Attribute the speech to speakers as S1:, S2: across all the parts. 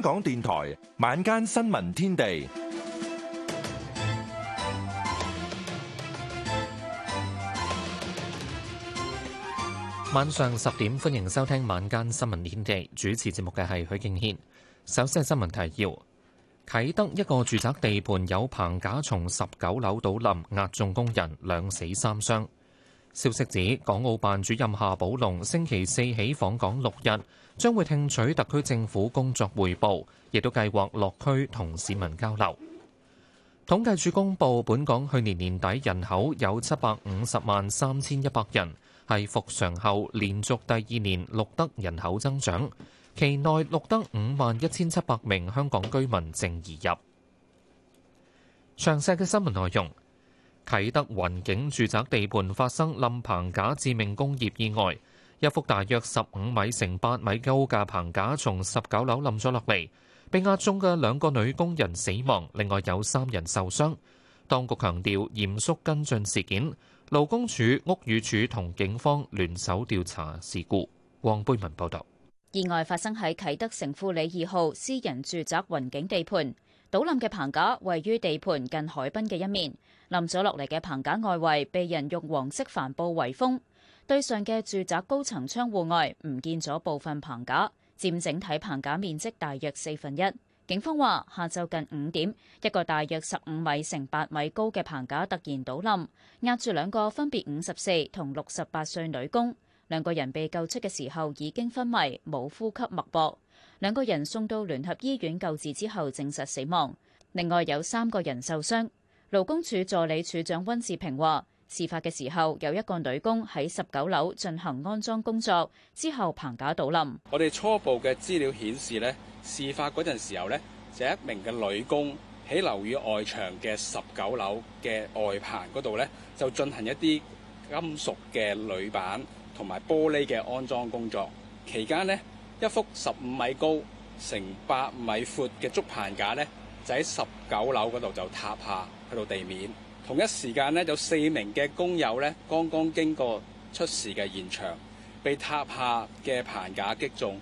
S1: 香港電台晚間新聞天地，晚
S2: 上十點，歡迎收聽晚間新聞天地。主持節目嘅係許敬軒。首先係新聞提要：啟德一個住宅地盤有棚架從十九樓倒冧，壓中工人，兩死三傷。消息指，港澳辦主任夏寶龍星期四起訪港六日，將會聽取特區政府工作匯報，亦都計劃落區同市民交流。統計處公布，本港去年年底人口有七百五十萬三千一百人，係復常後連續第二年錄得人口增長，期內錄得五萬一千七百名香港居民淨移入。詳細嘅新聞內容。啟德雲景住宅地盤發生冧棚架致命工業意外，一幅大約十五米乘八米高架棚架，架，架從十九樓冧咗落嚟，被壓中嘅兩個女工人死亡，另外有三人受傷。當局強調嚴肅跟進事件，勞工處、屋宇署同警方聯手調查事故。黃貝文報道。
S3: 意外發生喺啟德城富里二號私人住宅雲景地盤。倒冧嘅棚架位於地盤近海濱嘅一面，冧咗落嚟嘅棚架外圍被人用黃色帆布圍封。對上嘅住宅高層窗戶外唔見咗部分棚架，佔整體棚架面積大約四分一。警方話，下晝近五點，一個大約十五米乘八米高嘅棚架突然倒冧，壓住兩個分別五十四同六十八歲女工，兩個人被救出嘅時候已經昏迷，冇呼吸脈搏。兩個人送到聯合醫院救治之後證實死亡，另外有三個人受傷。勞工處助理處長温志平話：事發嘅時候有一個女工喺十九樓進行安裝工作，之後棚架倒冧。
S4: 我哋初步嘅資料顯示呢，事發嗰陣時候呢，就一名嘅女工喺樓宇外牆嘅十九樓嘅外棚嗰度呢就進行一啲金屬嘅鋁板同埋玻璃嘅安裝工作，期間呢。一幅十五米高、乘八米闊嘅竹棚架咧，就喺十九樓嗰度就塌下，去到地面。同一時間咧，有四名嘅工友咧，剛剛經過出事嘅現場，被塌下嘅棚架擊中。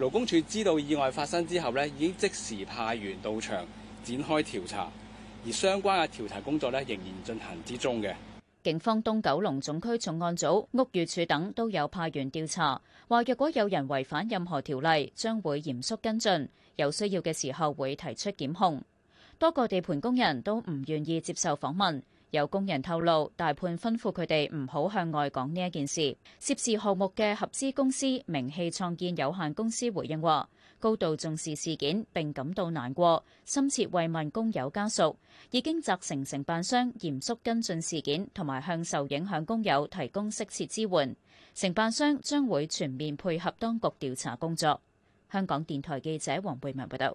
S4: 勞工處知道意外發生之後咧，已經即時派員到場展開調查，而相關嘅調查工作咧仍然進
S3: 行之中嘅。警方東九龍總區重案組、屋宇署等都有派員調查，話若果有人違反任何條例，將會嚴肅跟進，有需要嘅時候會提出檢控。多個地盤工人都唔願意接受訪問。有工人透露，大判吩咐佢哋唔好向外講呢一件事。涉事項目嘅合資公司名氣創建有限公司回應話，高度重視事件，並感到難過，深切慰問工友家屬，已經責成承辦商嚴肅跟進事件，同埋向受影響工友提供適切支援。承辦商將會全面配合當局調查工作。香港電台記者黃慧文報道。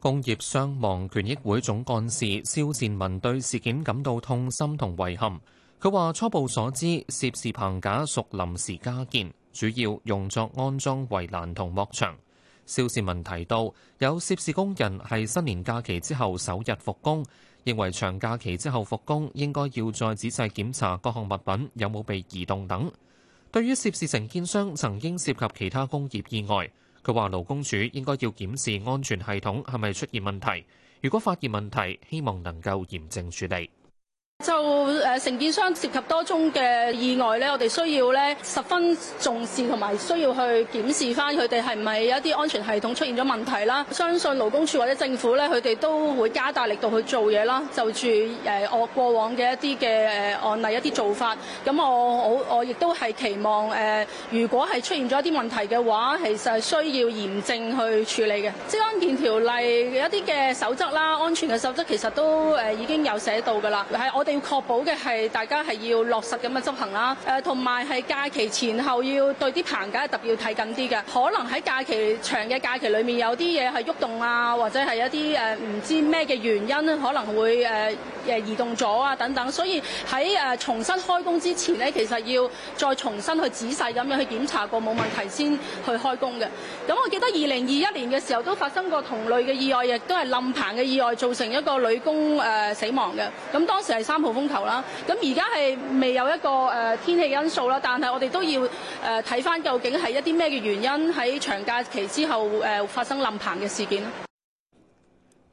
S2: 工業傷亡權益會總幹事蕭善文對事件感到痛心同遺憾。佢話：初步所知，涉事棚架屬臨時加建，主要用作安裝圍欄同幕牆。邵市民提到，有涉事工人係新年假期之後首日復工，認為長假期之後復工應該要再仔細檢查各項物品有冇被移動等。對於涉事承建商曾經涉及其他工業意外，佢話勞工處應該要檢視安全系統係咪出現問題，如果發現問題，希望能夠嚴正處理。
S5: 就誒，承、呃、建商涉及多宗嘅意外咧，我哋需要咧十分重視，同埋需要去檢視翻佢哋係唔係有一啲安全系統出現咗問題啦。相信勞工處或者政府咧，佢哋都會加大力度去做嘢啦。就住誒我、呃、過往嘅一啲嘅誒案例一啲做法，咁我好我，我亦都係期望誒、呃，如果係出現咗一啲問題嘅話，其實係需要嚴正去處理嘅。即係安全條例一啲嘅守則啦，安全嘅守則其實都誒、呃、已經有寫到噶啦，係我哋。要確保嘅係大家係要落實咁樣執行啦，誒、呃，同埋係假期前後要對啲棚架特別要睇緊啲嘅，可能喺假期長嘅假期裏面有啲嘢係喐動啊，或者係一啲誒唔知咩嘅原因咧，可能會誒。呃誒移動咗啊，等等，所以喺誒重新開工之前呢，其實要再重新去仔細咁樣去檢查過冇問題先去開工嘅。咁我記得二零二一年嘅時候都發生過同類嘅意外，亦都係冧棚嘅意外造成一個女工誒、呃、死亡嘅。咁當時係三號風球啦。咁而家係未有一個誒、呃、天氣因素啦，但係我哋都要誒睇翻究竟係一啲咩嘅原因喺長假期之後誒、呃、發生冧棚嘅事件。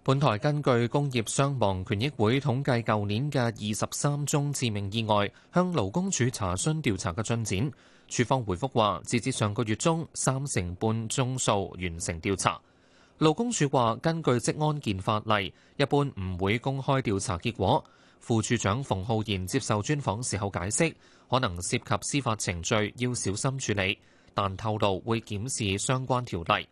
S2: 本台根據工業傷亡權益會統計，舊年嘅二十三宗致命意外，向勞工處查詢調查嘅進展。處方回覆話，截至上個月中，三成半宗數完成調查。勞工處話，根據職安健法例，一般唔會公開調查結果。副處長馮浩然接受專訪時候解釋，可能涉及司法程序，要小心處理，但透露會檢視相關條例。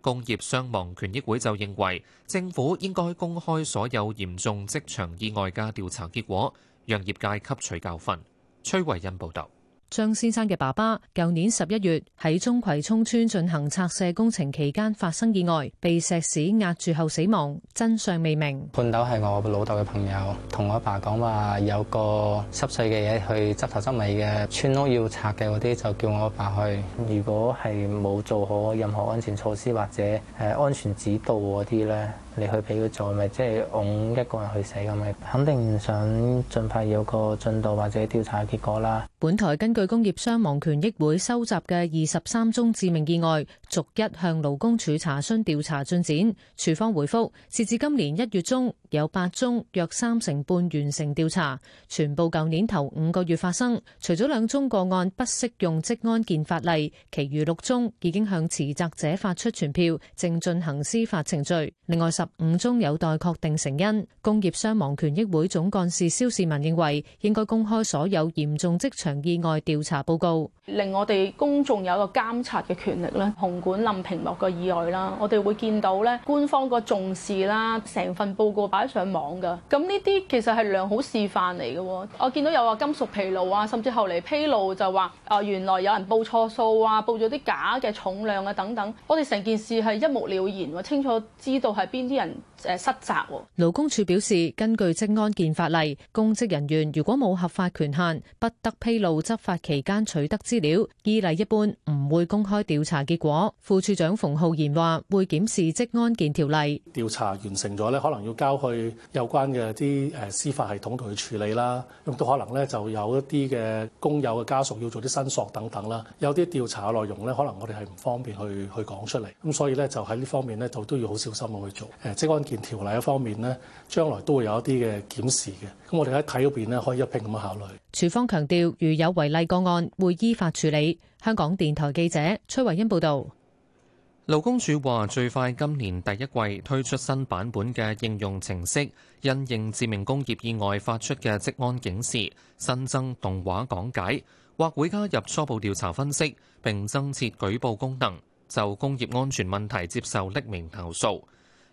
S2: 工業傷亡權益會就認為，政府應該公開所有嚴重職場意外嘅調查結果，讓業界吸取教訓。崔惠恩報導。
S6: 張先生嘅爸爸舊年十一月喺中葵涌村進行拆卸工程期間發生意外，被石屎壓住後死亡，真相未明。
S2: 判頭係我老豆嘅朋友，同我阿爸講話有個濕碎嘅嘢，去執頭執尾嘅村屋要拆嘅嗰啲，就叫我阿爸、爸去。如果係冇做好任何安全措施或者誒安全指
S7: 導嗰啲呢。你去俾佢做，咪即係我一個人去死咁咪，肯定想盡快有個進度或者調查結果啦。
S6: 本台根據工業傷亡權益會收集嘅二十三宗致命意外。逐一向勞工處查詢調查進展，處方回覆，截至今年一月中有八宗，約三成半完成調查，全部舊年頭五個月發生。除咗兩宗個案不適用職安健法例，其餘六宗已經向遲責者發出傳票，正進行司法程序。另外十五宗有待確定成因。工業傷亡權益會總幹事蕭市民認為，應該公開所有嚴重職場意外調查報告，令我哋
S5: 公眾有一個監察嘅權力咧。管冧屏幕嘅意外啦，我哋會見到咧，官方個重視啦，成份報告擺上網噶，咁呢啲其實係良好示範嚟嘅。我見到有話金屬疲勞啊，甚至後嚟披露就話，啊原來有人報錯數啊，報咗啲假嘅重量啊等等，我哋成件事係一目了然，清楚知道係邊啲人。誒失責。
S6: 勞工處表示，根據《職安健法例》，公職人員如果冇合法權限，不得披露執法期間取得資料。依例一般唔會公開調查結果。副處長馮浩然話：會檢視《職安健條例》。調查完成咗咧，可能要交去有關嘅啲誒司法系統同佢
S8: 處理啦。咁都可能咧，就有一啲嘅工友嘅家屬要做啲申索等等啦。有啲調查嘅內容咧，可能我哋係唔方便去去講出嚟。咁所以呢，就喺呢方面呢，就都要好小心咁去做。誒職安。件條例一方面呢，將來都會有一啲嘅檢視嘅。咁我哋喺睇嗰邊咧，可以一拼咁樣考慮。
S6: 署方強調如有違例個案，會依法處理。香港電台記者崔維欣報道。
S2: 勞工署話最快今年第一季推出新版本嘅應用程式，因應致命工業意外發出嘅職安警示，新增動畫講解，或會加入初步調查分析，並增設舉報功能，就工業安全問題接受匿名投訴。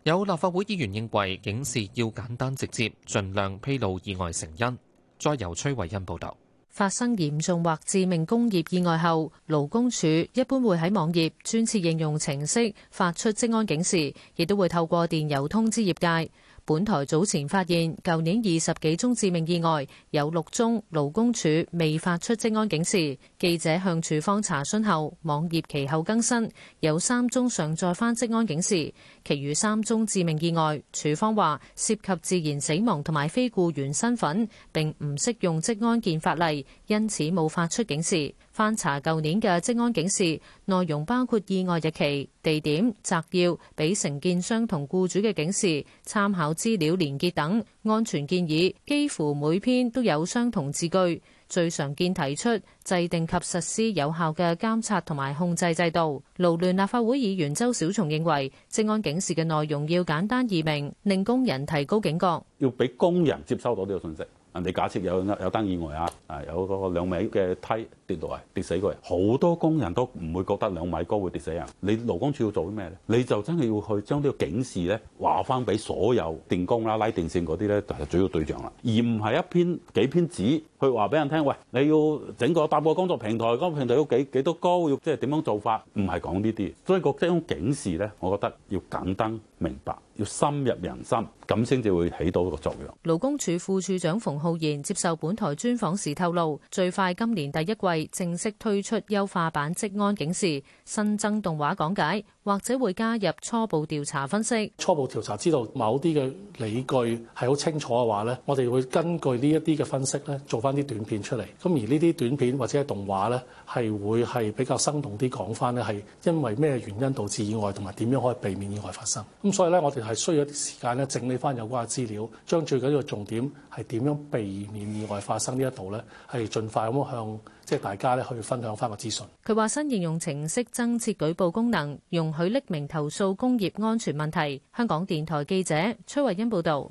S2: 有立法會議員認為警示要簡單直接，盡量披露意外成因。再由崔慧恩報道。
S6: 發生嚴重或致命工業意外後，勞工處一般會喺網頁專設應用程式發出職安警示，亦都會透過電郵通知業界。本台早前發現，舊年二十幾宗致命意外，有六宗勞工處未發出職安警示。記者向處方查詢後，網頁其後更新，有三宗上載返職安警示，其餘三宗致命意外，處方話涉及自然死亡同埋非僱員身份，並唔適用職安健法例，因此冇發出警示。翻查舊年嘅職安警示，內容包括意外日期、地點、摘要、俾承建商同雇主嘅警示、參考資料連結等安全建議，幾乎每篇都有相同字句。最常見提出制定及實施有效嘅監察同埋控制制度。勞聯立法會議員周小松認為，職安警示嘅內容要簡單易明，令工人提高警覺，
S4: 要俾工人接收到呢個信息。你假設有有單意外啊，啊有嗰個兩米嘅梯跌落嚟，跌死個人，好多工人都唔會覺得兩米高會跌死人。你勞工處要做啲咩咧？你就真係要去將呢個警示咧，話翻俾所有電工啦、拉電線嗰啲咧，就係主要對象啦。而唔係一篇幾篇紙去話俾人聽。喂，你要整個搭個工作平台，工作平台要幾幾多高，要即係點樣做法，唔係講呢啲。所以個呢種警示咧，我覺得要簡單明白，要深入人心，咁先至會起到一個作用。
S6: 勞工處副處長馮浩然接受本台專訪時透露，最快今年第一季正式推出優化版職安警示，新增動畫講解，或者會加入初步調查分析。
S8: 初步調查知道某啲嘅理據係好清楚嘅話呢，我哋會根據呢一啲嘅分析咧，做翻啲短片出嚟。咁而呢啲短片或者動畫咧，係會係比較生動啲講翻呢，係因為咩原因導致意外，同埋點樣可以避免意外發生。咁所以咧，我哋係需要一啲時間咧，整理翻有關嘅資料，將最緊要嘅重點。係點樣避免意外發生呢一度呢，係盡快咁向即係、就是、大家呢去分享返個資訊。
S6: 佢話：新應用程式增設舉報功能，容許匿名投訴工業安全問題。香港電台記者崔慧欣報道。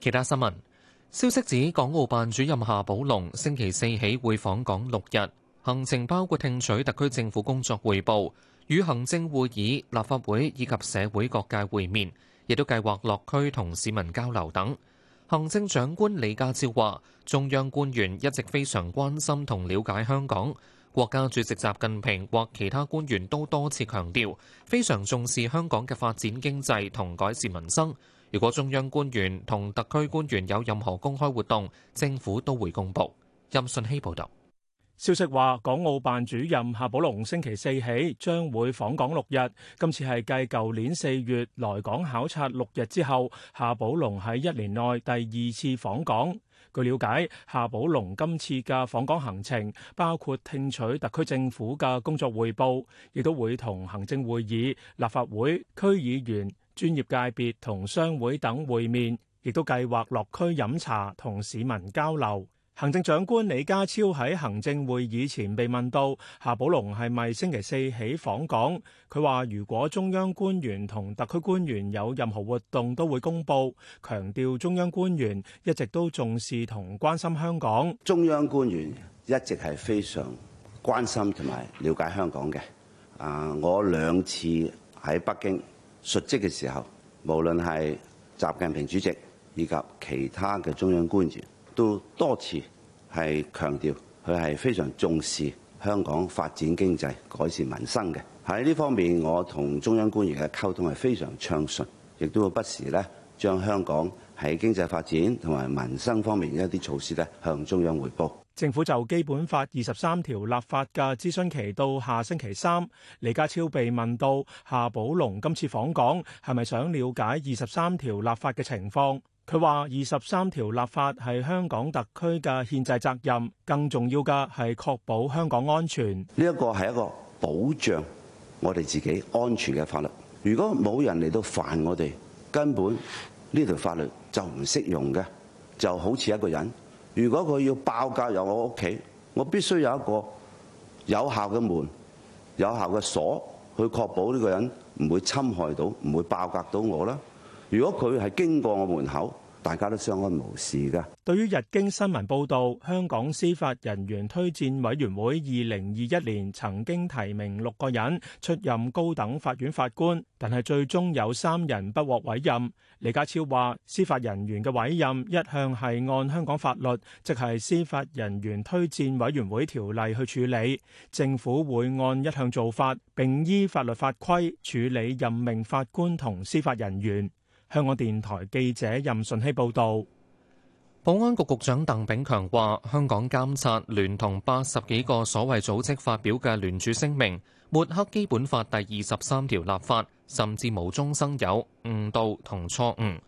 S2: 其他新聞消息指，港澳辦主任夏寶龍星期四起會訪港六日，行程包括聽取特區政府工作匯報、與行政會議、立法會以及社會各界會面，亦都計劃落區同市民交流等。行政長官李家超話：中央官員一直非常關心同了解香港，國家主席習近平或其他官員都多次強調，非常重視香港嘅發展經濟同改善民生。如果中央官員同特區官員有任何公開活動，
S8: 政府都會公佈。任信希報道。消息話，港澳辦主任夏寶龍星期四起將會訪港六日。今次係繼舊年四月來港考察六日之後，夏寶龍喺一年內第二次訪港。據了解，夏寶龍今次嘅訪港行程包括聽取特區政府嘅工作匯報，亦都會同行政會議、立法會、區議員、專業界別同商會等會面，亦都計劃落區飲茶同市民交流。行政長官李家超喺行政會議前被問到夏寶龍係咪星期四起訪港，佢話如果中央官員同特區官員有任何活動都會公布，強調中央官員一直都重視同
S9: 關心香港。中央官員一直係非常關心同埋了解香港嘅。啊，我兩次喺北京述職嘅時候，無論係習近平主席以及其他嘅中央官員。都多次係強調佢係非常重視香港發展經濟，改善民生嘅。喺呢方面，我同中央官員嘅溝通係非常暢順，亦都會不時咧將香港喺經濟發展同埋民生方面一啲措施咧向中央匯報。
S8: 政府就《基本法》二十三條立法嘅諮詢期到下星期三。李家超被問到夏寶龍今次訪港，係咪想了解二十三條立法嘅情況？佢話二十三條立法係香港特區嘅憲制責任，更重要嘅係確保香港安全。
S9: 呢一個係一個保障我哋自己安全嘅法律。如果冇人嚟到煩我哋，根本呢條法律就唔適用嘅。就好似一個人，如果佢要爆格入我屋企，我必須有一個有效嘅門、有效嘅鎖，去確保呢個人唔會侵害到、唔會爆格到我啦。如果佢係經過我門口，大家都相安無事噶。對於日經
S8: 新聞報道，香港司法人員推薦委員會二零二一年曾經提名六個人出任高等法院法官，但係最終有三人不獲委任。李家超話司法人員嘅委任一向係按香港法律，即係《司法人員推薦委員會條例》去處理。政府會按一向做法，並依法律法規處理任命法官同司法人員。香港電台記者任順希報道，保安局局長
S2: 鄧炳強話：香港監察聯同八十幾個所謂組織發表嘅聯署聲明，抹黑基本法第二十三條立法，甚至無中生有、誤導同錯誤。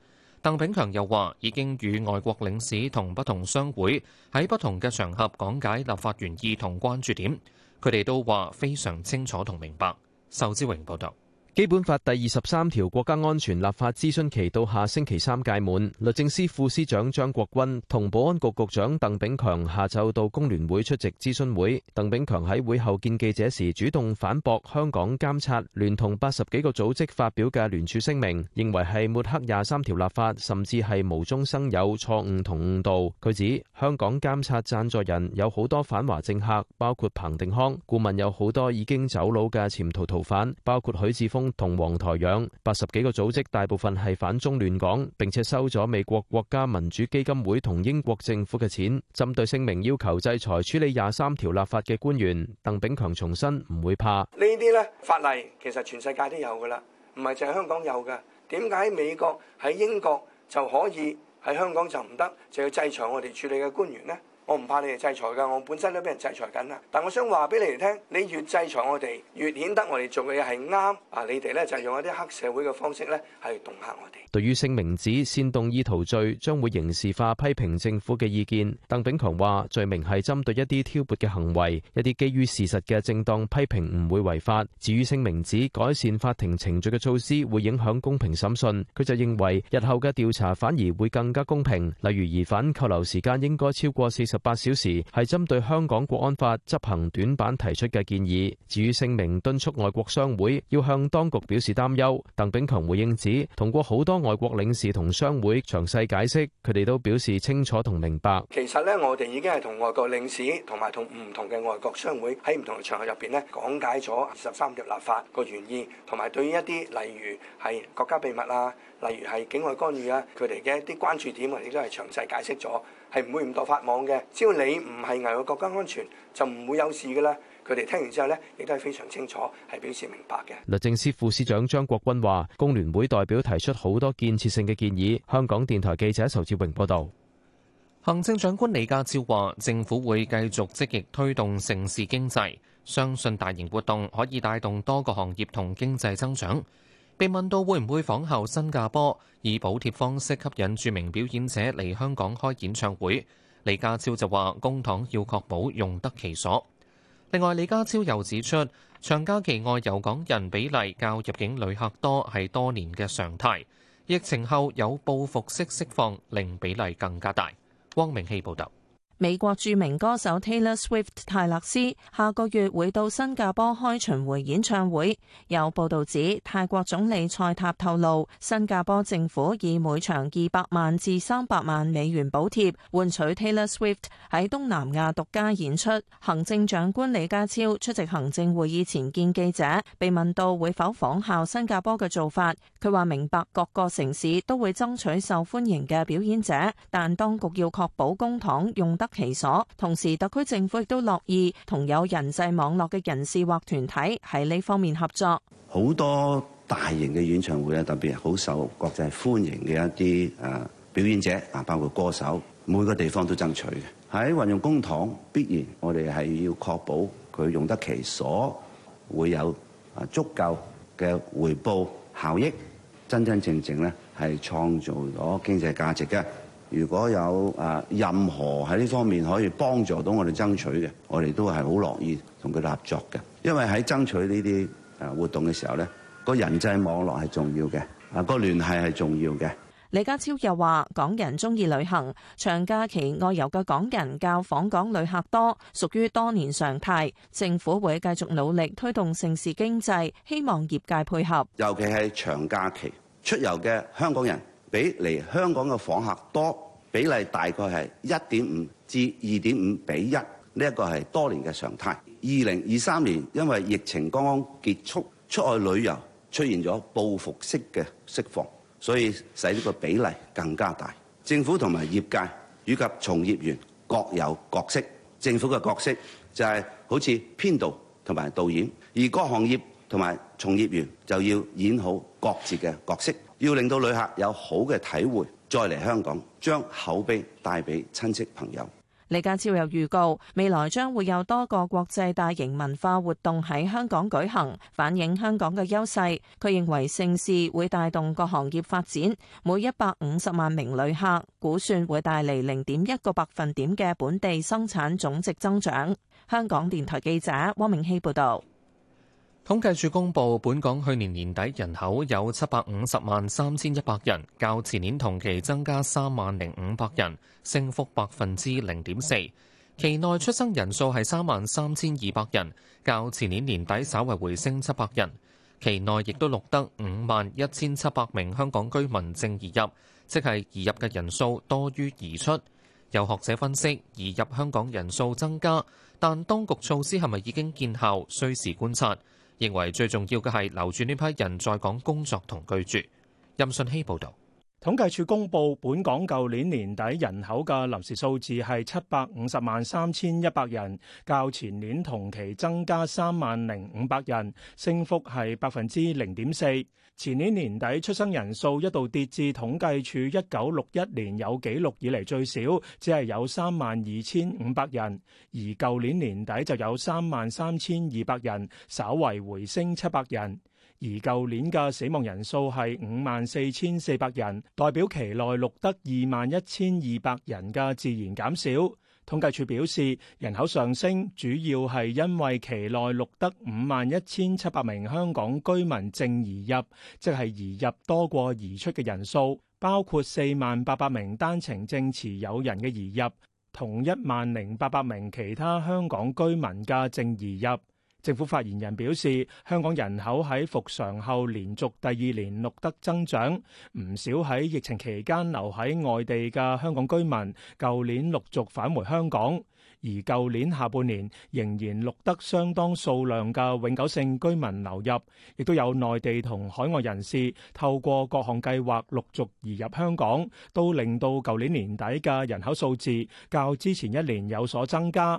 S2: 鄧炳強又話，已經與外國領事同不同商會喺不同嘅場合講解立法原意同關注點，佢哋都話非常清楚同明白。壽之榮報道。
S10: 基本法第二十三條國家安全立法諮詢期到下星期三屆滿，律政司副司長張國鈞同保安局局長鄧炳強下晝到工聯會出席諮詢會。鄧炳強喺會後見記者時，主動反駁香港監察聯同八十幾個組織發表嘅聯署聲明，認為係抹黑廿三條立法，甚至係無中生有、錯誤同誤導。佢指香港監察讚助人有好多反華政客，包括彭定康；顧問有好多已經走佬嘅潛逃逃犯，包括許智峰。同黃台仰，八十幾個組織，大部分係反中亂港，並且收咗美國國家民主基金會同英國政府嘅錢。針對聲明要求制裁處理廿三條立法嘅官員，鄧炳強重申唔會怕。
S11: 呢啲咧法例其實全世界都有㗎喇，唔係淨係香港有㗎。點解喺美國，喺英國就可以，喺香港就唔得，就要制裁我哋處理嘅官員呢？我唔怕你哋制裁噶，我本身都俾人制裁緊啦。但我想話俾你哋聽，你越制裁我哋，越顯得我哋做嘅嘢係啱。啊，你哋咧就係用一啲黑社會嘅方式咧，係動吓
S10: 我哋。對於聲明指煽動意圖罪將會刑事化，批評政府嘅意見，鄧炳強話罪名係針對一啲挑撥嘅行為，一啲基於事實嘅正當批評唔會違法。至於聲明指改善法庭程序嘅措施會影響公平審訊，佢就認為日後嘅調查反而會更加公平。例如疑犯扣留時間應該超過四十十八小時係針對香港國安法執行短板提出嘅建議，至於聲明敦促外國商會要向當局表示擔憂。鄧炳強回應指，同過好多外國領事同商會詳細解釋，佢哋都表示清楚同明白。
S11: 其實咧，我哋已經係同外國領事同埋同唔同嘅外國商會喺唔同嘅場合入邊咧講解咗二十三條立法個原意，同埋對於一啲例如係國家秘密啊，例如係境外干預啊，佢哋嘅一啲關注點，我哋都係詳細解釋咗。係唔會唔墮法網嘅，只要你唔係危害國家安全，就唔會有事嘅啦。佢哋聽完之後呢，亦都係非常清楚，係表示明白嘅。
S10: 律政司副司長張國鈞話，工聯會代表提出好多建設性嘅建議。香港電台記者仇志榮報導。
S2: 行政長官李家超話，政府會繼續積極推動城市經濟，相信大型活動可以帶動多個行業同經濟增長。被問到會唔會仿效新加坡以補貼方式吸引著名表演者嚟香港開演唱會，李家超就話：公帑要確保用得其所。另外，李家超又指出，長假期外遊港人比例較入境旅客多係多年嘅常態，疫情後有報復式釋放，令比例更加大。汪明希報導。
S12: 美國著名歌手 Taylor Swift 泰勒斯下個月會到新加坡開巡迴演唱會。有報道指，泰國總理蔡塔透露，新加坡政府以每場二百萬至三百萬美元補貼，換取 Taylor Swift 喺東南亞獨家演出。行政長官李家超出席行政會議前見記者，被問到會否仿效新加坡嘅做法，佢話明白各個城市都會爭取受歡迎嘅表演者，但當局要確保公帑用得。其所，同時特區政府亦都樂意同有人際網絡嘅人士或團體喺呢方面合作。
S9: 好多大型嘅演唱會啊，特別係好受國際歡迎嘅一啲誒表演者啊，包括歌手，每個地方都爭取嘅。喺運用公帑，必然我哋係要確保佢用得其所，會有啊足夠嘅回報效益，真真正正咧係創造咗經濟價值嘅。如果有啊任何喺呢方面可以幫助到我哋爭取嘅，我哋都係好樂意同佢合作嘅。因為喺爭取呢啲啊活動嘅時候咧，個人際網絡係重要嘅，啊個聯繫係重要嘅。
S12: 李家超又話港人中意旅行，長假期外遊嘅港人較訪港旅客多，屬於多年常態，政府會繼續努力推動盛事經濟，希望業界配合。尤其
S9: 係長假期出遊嘅香港人比嚟香港嘅訪客多。比例大概係一點五至二點五比一，呢一個係多年嘅常態。二零二三年因為疫情剛剛結束，出外旅遊出現咗報復式嘅釋放，所以使呢個比例更加大。政府同埋業界以及從業員各有角色。政府嘅角色就係好似編導同埋導演，而各行業同埋從業員就要演好各自嘅角色，要令到旅客有好嘅體會。再嚟香港，將口碑帶俾親戚朋友。
S12: 李家超又預告，未來將會有多個國際大型文化活動喺香港舉行，反映香港嘅優勢。佢認為盛事會帶動各行業發展，每一百五十萬名旅客估算會帶嚟零點一個百分點嘅本地生產總值增長。香港電台記者汪明熙報導。
S2: 統計處公布，本港去年年底人口有七百五十萬三千一百人，較前年同期增加三萬零五百人，升幅百分之零點四。期內出生人數係三萬三千二百人，較前年年底稍為回升七百人。期內亦都錄得五萬一千七百名香港居民正移入，即係移入嘅人數多於移出。有學者分析，移入香港人數增加，但當局措施係咪已經見效，需時觀察。認為最重要嘅係留住呢批人，在港工作同居住。任信
S8: 希報道，統計處公布本港舊年年底人口嘅臨時數字係七百五十萬三千一百人，較前年同期增加三萬零五百人，升幅係百分之零點四。前年年底出生人數一度跌至統計處一九六一年有紀錄以嚟最少，只係有三萬二千五百人，而舊年年底就有三萬三千二百人，稍為回升七百人。而舊年嘅死亡人數係五萬四千四百人，代表期內錄得二萬一千二百人嘅自然減少。統計處表示，人口上升主要係因為期內錄得五萬一千七百名香港居民正移入，即係移入多過移出嘅人數，包括四萬八百名單程證持有人嘅移入，同一萬零八百名其他香港居民嘅正移入。政府發言人表示，香港人口喺復常後連續第二年錄得增長，唔少喺疫情期間留喺外地嘅香港居民，舊年陸續返回香港，而舊年下半年仍然錄得相當數量嘅永久性居民流入，亦都有內地同海外人士透過各項計劃陸續移入香港，都令到舊年年底嘅人口數字較之前一年有所增加。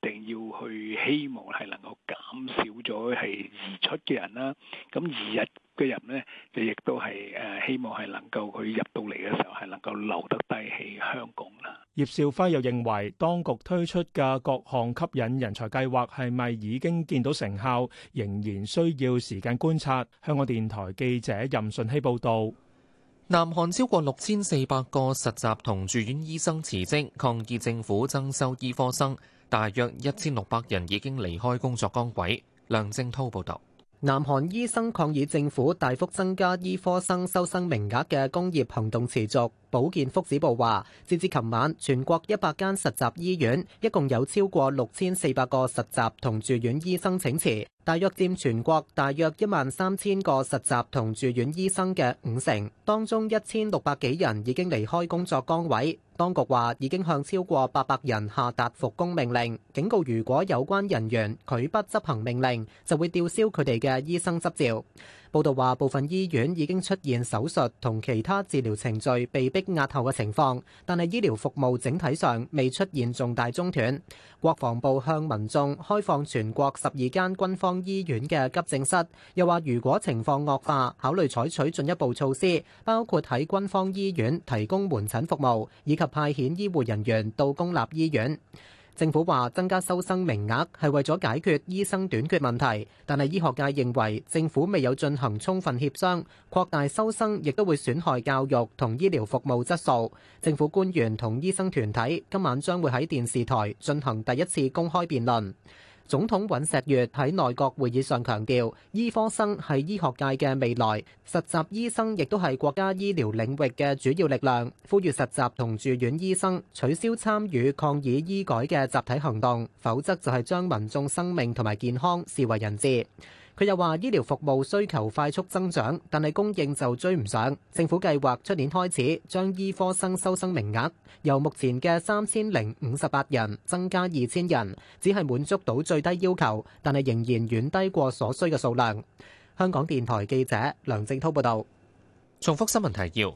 S11: 定要去希望係能夠減少咗係移出嘅人啦。咁移入嘅人咧，就亦都係誒希望係能夠佢入到嚟嘅時候係能夠
S8: 留得低喺香港啦。葉兆輝又認為，當局推出嘅各項吸引人才計劃係咪已經見到成效，仍然需要時間觀察。香港電台記者任順熙報導。南韓超過六千四百
S2: 個實習同住院醫生辭職抗議政府增收醫科生。大約一千六百人已經離開工作崗位。梁正濤報道。
S7: 南韓醫生抗議政府大幅增加醫科生收生名額嘅工業行動持續。保健福祉部話，截至琴晚，全國一百間實習醫院一共有超過六千四百個實習同住院醫生請辭。大約佔全國大約一萬三千個實習同住院醫生嘅五成，當中一千六百幾人已經離開工作崗位。當局話已經向超過八百人下達復工命令，警告如果有關人員拒不執行命令，就會吊銷佢哋嘅醫生執照。報道話，部分醫院已經出現手術同其他治療程序被迫押後嘅情況，但係醫療服務整體上未出現重大中斷。國防部向民眾開放全國十二間軍方醫院嘅急症室，又話如果情況惡化，考慮採取進一步措施，包括喺軍方醫院提供門診服務，以及派遣醫護人員到公立醫院。政府話增加收生名額係為咗解決醫生短缺問題，但係醫學界認為政府未有進行充分協商，擴大收生亦都會損害教育同醫療服務質素。政府官員同醫生團體今晚將會喺電視台進行第一次公開辯論。總統尹錫悅喺內閣會議上強調，醫科生係醫學界嘅未來，實習醫生亦都係國家醫療領域嘅主要力量。呼籲實習同住院醫生取消參與抗議醫改嘅集體行動，否則就係將民眾生命同埋健康視為人質。佢又話：醫療服務需求快速增長，但係供應就追唔上。政府計劃出年開始將醫科生收生名額由目前嘅三千零五十八人增加二千人，只係滿足到最低要求，但係仍然遠低過所需嘅數量。香港電台記者梁正滔報道。
S2: 重複新聞提要：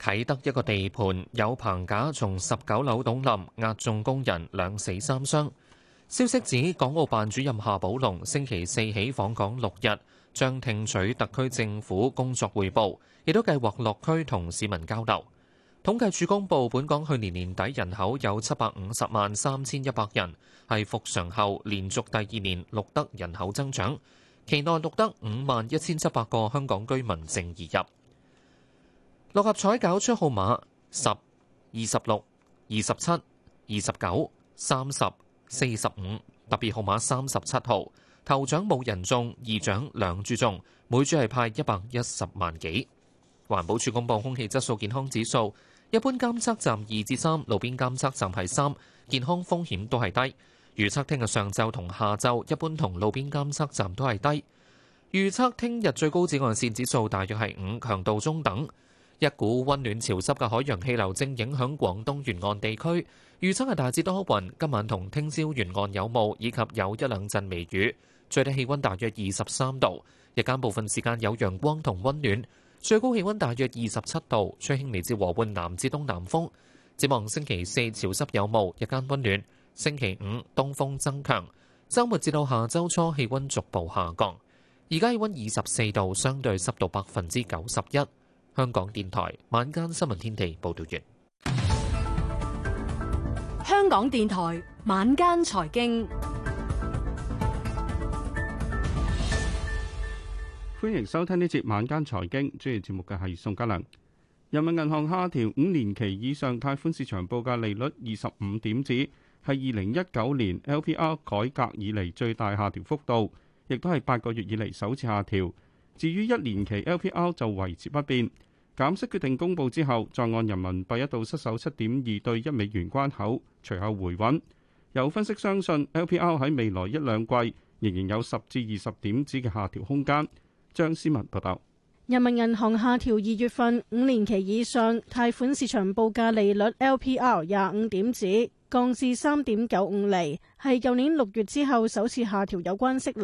S2: 啟德一個地盤有棚架從十九樓倒冧，壓中工人兩死三傷。消息指，港澳辦主任夏寶龍星期四起訪港六日，將聽取特區政府工作彙報，亦都計劃落區同市民交流。統計處公布，本港去年年底人口有七百五十萬三千一百人，係復常後連續第二年錄得人口增長，期內錄得五萬一千七百個香港居民淨移入。六合彩攪出號碼：十二、十六、二十七、二十九、三十。四十五，特別號碼三十七號，頭獎冇人中，二獎兩注中，每注係派一百一十萬幾。環保署公佈空氣質素健康指數，一般監測站二至三，路邊監測站係三，健康風險都係低。預測聽日上晝同下晝一般同路邊監測站都係低。預測聽日最高紫外線指數大約係五，強度中等。一股溫暖潮濕嘅海洋氣流正影響廣東沿岸地區，預測係大致多雲。今晚同聽朝沿岸有霧，以及有一兩陣微雨。最低氣溫大約二十三度，日間部分時間有陽光同溫暖。最高氣溫大約二十七度，吹輕微至和緩南至東南風。展望星期四潮濕有霧，日間溫暖。星期五東風增強，周末至到下周初氣溫逐步下降。而家氣溫二十四度，相對濕度百分之九十一。香港電台晚間新聞天地報道完。
S6: 香港電台晚間財經，歡迎
S4: 收聽呢節晚間財經。主持節目嘅係宋嘉良。人民銀行下調五年期以上貸款市場報價利率二十五點子，係二零一九年 LPR 改革以嚟最大下調幅度，亦都係八個月以嚟首次下調。至於一年期 LPR 就維持不變，減息決定公佈之後，在岸人民幣一度失守七點二對一美元關口，隨後回穩。有分析相信 LPR 喺未來一兩季仍然有十至二十點子嘅下調空間。張思文報道，
S13: 人民銀行下調二月份五年期以上貸款市場報價利率 LPR 廿五點子。降至三點九五厘，係舊年六月之後首次下調有關息率。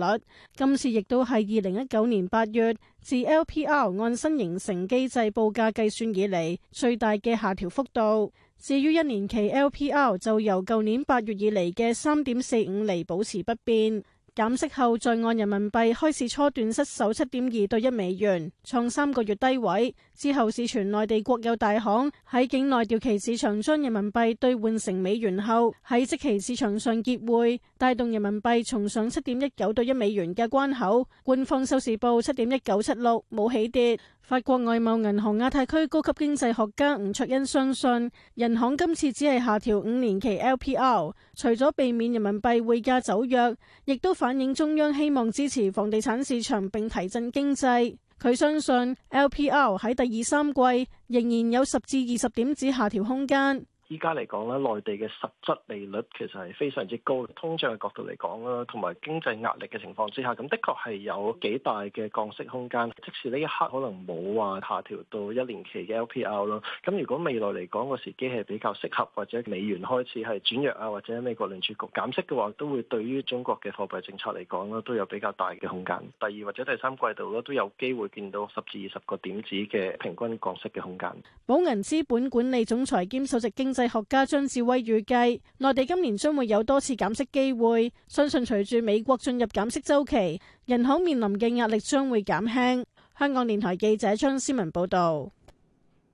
S13: 今次亦都係二零一九年八月自 LPR 按新形成機制報價計算以嚟最大嘅下調幅度。至於一年期 LPR 就由舊年八月以嚟嘅三點四五厘保持不變。減息後，在岸人民幣開始初段失守七點二對一美元，創三個月低位。之後市傳內地國有大行喺境內掉期市場將人民幣兌換成美元後，喺即期市場上結匯，帶動人民幣重上七點一九對一美元嘅關口。官方收市報七點一九七六，冇起跌。法國外貿銀行亞太區高級經濟學家吳卓恩相信，人行今次只係下調五年期 LPR，除咗避免人民幣匯價走弱，亦都反映中央希望支持房地產市場並提振經濟。佢相信 LPR 喺第二三季仍然有十至二十點子下調空間。
S8: 依家嚟講咧，內地嘅實質利率其實係非常之高。通脹嘅角度嚟講啦，同埋經濟壓力嘅情況之下，咁的確係有幾大嘅降息空間，即使呢一刻可能冇話下調到一年期嘅 LPR 咯，咁如果未來嚟講個時機係比較適合，或者美元開始係轉弱啊，或者美國聯儲局減息嘅話，都會對於中國嘅貨幣政策嚟講咧都有比較大嘅空間。第二或者第三季度咧都有機會見到十至二十個點子嘅平均降息嘅空間。
S13: 保銀資本管理總裁兼首席兼首席經濟。經濟學家張志威預計，內地今年將會有多次減息機會。相信隨住美國進入減息週期，人口面臨嘅壓力將會減輕。香港電台記者張思文報道。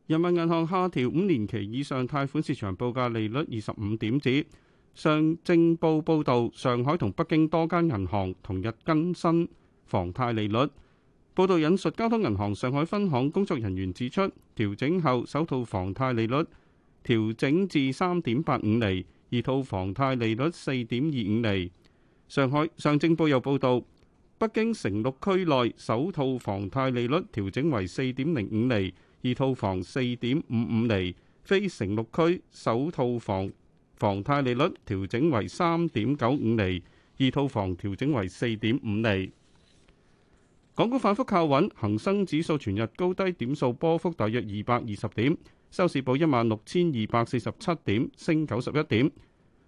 S4: 人民銀行下調五年期以上貸款市場報價利率二十五點子。上證報報道，上海同北京多間銀行同日更新房貸利率。報道引述交通銀行上海分行工作人員指出，調整後首套房貸利率。調整至三點八五厘，二套房貸利率四點二五厘。上海上證報又報道，北京城六區內首套房貸利率調整為四點零五厘，二套房四點五五厘；非城六區首套房房貸利率調整為三點九五厘，二套房調整為四點五厘。港股反覆靠穩，恒生指數全日高低點數波幅大約二百二十點。收市報一萬六千二百四十七點，升九十一點。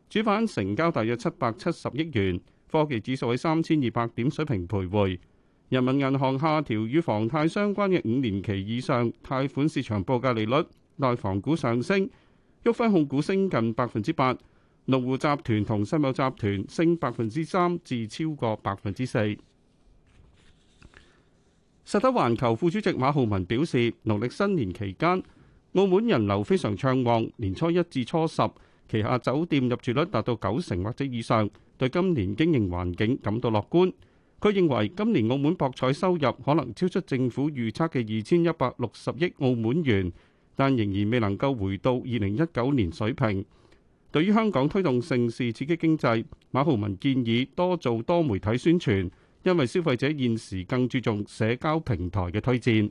S4: 主板成交大約七百七十億元。科技指數喺三千二百點水平徘徊。人民銀行下調與房貸相關嘅五年期以上貸款市場報價利率。內房股上升，旭輝控股升近百分之八，龍湖集團同世茂集團升百分之三至超過百分之四。實德環球副主席馬浩文表示，農曆新年期間，澳門人流非常暢旺，年初一至初十，旗下酒店入住率達到九成或者以上，對今年經營環境感到樂觀。佢認為今年澳門博彩收入可能超出政府預測嘅二千一百六十億澳門元，但仍然未能夠回到二零一九年水平。對於香港推動盛事刺激經濟，馬浩文建議多做多媒體宣傳，因為消費者現時更注重社交平台嘅推薦。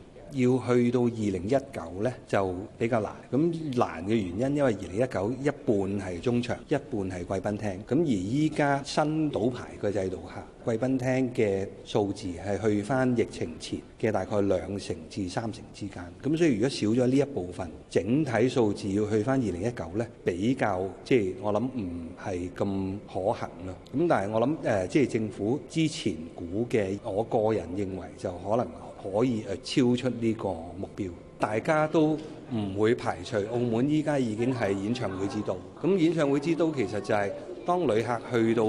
S11: 要去到二零一九呢，就比較難。咁難嘅原因，因為二零一九一半係中場，一半係貴賓廳。咁而依家新賭牌嘅制度下，貴賓廳嘅數字係去翻疫情前嘅大概兩成至三成之間。咁所以如果少咗呢一部分，整體數字要去翻二零一九呢，比較即係我諗唔係咁可行咯。咁但係我諗誒，即係政府之前估嘅，我個人認為就可能。可以誒超出呢個目標，大家都唔會排除澳門依家已經係演唱會之都。咁演唱會之都其實就係當旅客去到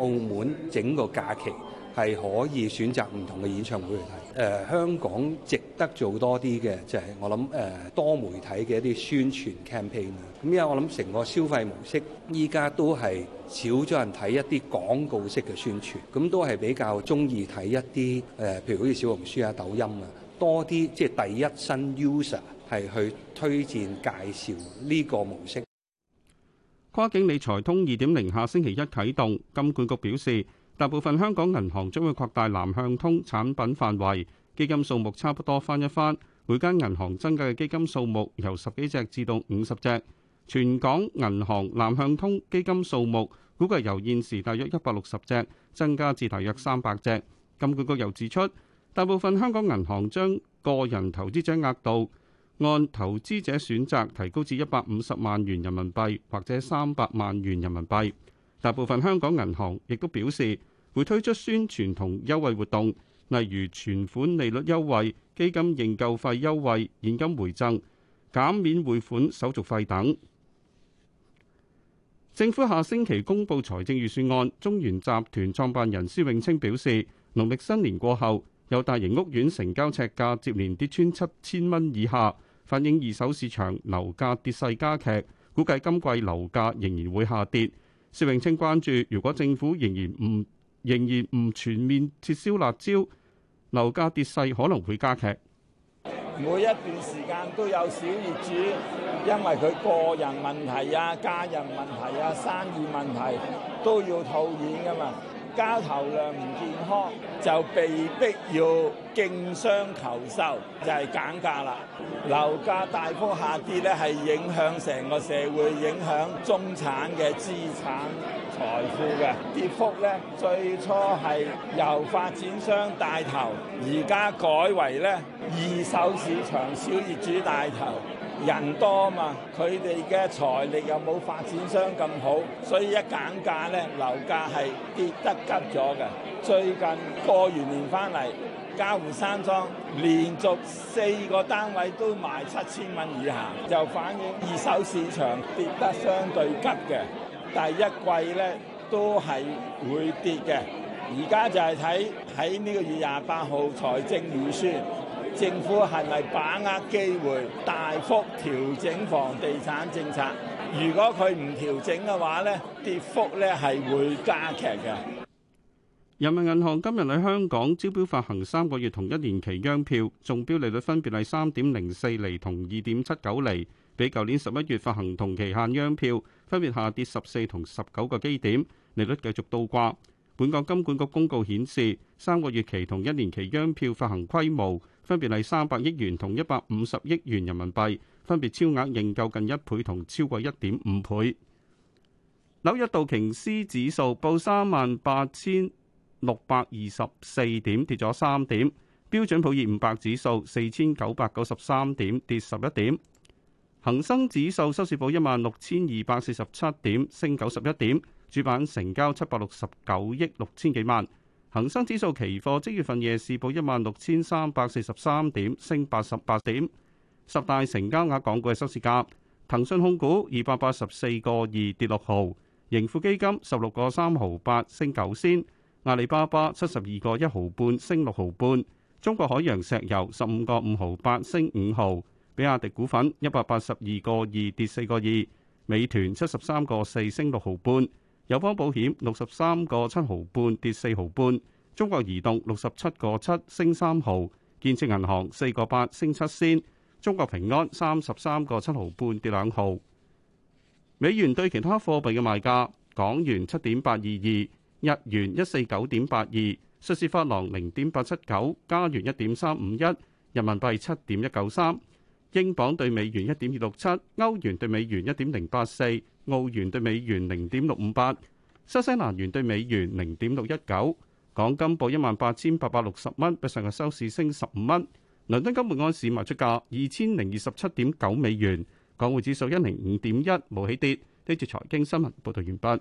S11: 澳門整個假期係可以選擇唔同嘅演唱會嚟睇。誒、呃，香港值得做多啲嘅就係我諗誒、呃、多媒體嘅一啲宣傳 campaign 啊。咁因為我諗成個消費模式依家都係。少咗人睇一啲廣告式嘅宣傳，咁都係比較中意睇一啲誒，譬如好似小紅書啊、抖音啊，多啲即係第一身 user 係去推薦介紹呢個模式。
S4: 跨境理財通二點零，下星期一啟動，金管局表示，大部分香港銀行將會擴大南向通產品範圍，基金數目差不多翻一番，每間銀行增加嘅基金數目由十幾隻至到五十隻。全港銀行南向通基金數目估計由現時大約一百六十隻增加至大約三百隻，金管局又指出，大部分香港銀行將個人投資者額度按投資者選擇提高至一百五十萬元人民幣或者三百萬元人民幣，大部分香港銀行亦都表示會推出宣傳同優惠活動，例如存款利率優惠、基金認購費優惠、現金回贈、減免匯款手續費等。政府下星期公布財政預算案，中原集團創辦人施永青表示，農曆新年過後，有大型屋苑成交尺價接連跌穿七千蚊以下，反映二手市場樓價跌勢加劇。估計今季樓價仍然會下跌。施永青關注，如果政府仍然唔仍然唔全面撤銷辣招，樓價跌勢可能會加劇。
S1: 每一段時間都有小業主，因為佢個人問題啊、家人問題啊、生意問題，都要套現噶嘛。交投量唔健康，就被迫要競相求售，就係、是、減價啦。樓價大幅下跌咧，係影響成個社會，影響中產嘅資產。財富嘅跌幅咧，最初係由發展商帶頭，而家改為咧二手市場小業主帶頭，人多嘛，佢哋嘅財力又冇發展商咁好，所以一減價咧，樓價係跌得急咗嘅。最近過完年翻嚟，嘉湖山莊連續四個單位都賣七千蚊以下，就反映二手市場跌得相對急嘅。第一季咧都係會跌嘅，而家就係睇喺呢個月廿八號財政預算，政府係咪把握機會大幅調整房地產政策？如果佢唔調整嘅話咧，跌幅咧係會加劇嘅。
S4: 人民銀行今日喺香港招標發行三個月同一年期央票，中標利率分別係三點零四厘同二點七九厘，比舊年十一月發行同期限央票分別下跌十四同十九個基點，利率繼續倒掛。本港金管局公告顯示，三個月期同一年期央票發行規模分別係三百億元同一百五十億元人民幣，分別超額認購近一倍同超過一點五倍。紐約道瓊斯指數報三萬八千。六百二十四點，跌咗三點，標準普爾五百指數四千九百九十三點跌十一點，恒生指數收市報一萬六千二百四十七點，升九十一點。主板成交七百六十九億六千幾萬，恒生指數期貨即月份夜市報一萬六千三百四十三點，升八十八點。十大成交額港股嘅收市價，騰訊控股二百八十四個二跌六毫，盈富基金十六個三毫八升九仙。阿里巴巴七十二個一毫半升六毫半，中國海洋石油十五個五毫八升五毫，比亞迪股份一百八十二個二跌四個二，美團七十三個四升六毫半，友邦保險六十三個七毫半跌四毫半，中國移動六十七個七升三毫，建設銀行四個八升七仙，中國平安三十三個七毫半跌兩毫，美元對其他貨幣嘅賣價，港元七點八二二。日元一四九點八二，瑞士法郎零點八七九，加元一點三五一，人民幣七點一九三，英鎊對美元一點二六七，歐元對美元一點零八四，澳元對美元零點六五八，新西蘭元對美元零點六一九。港金報一萬八千八百六十蚊，比上日收市升十五蚊。倫敦金每盎司賣出價二千零二十七點九美元。港匯指數一零五點一，冇起跌。呢段財經新聞報道完畢。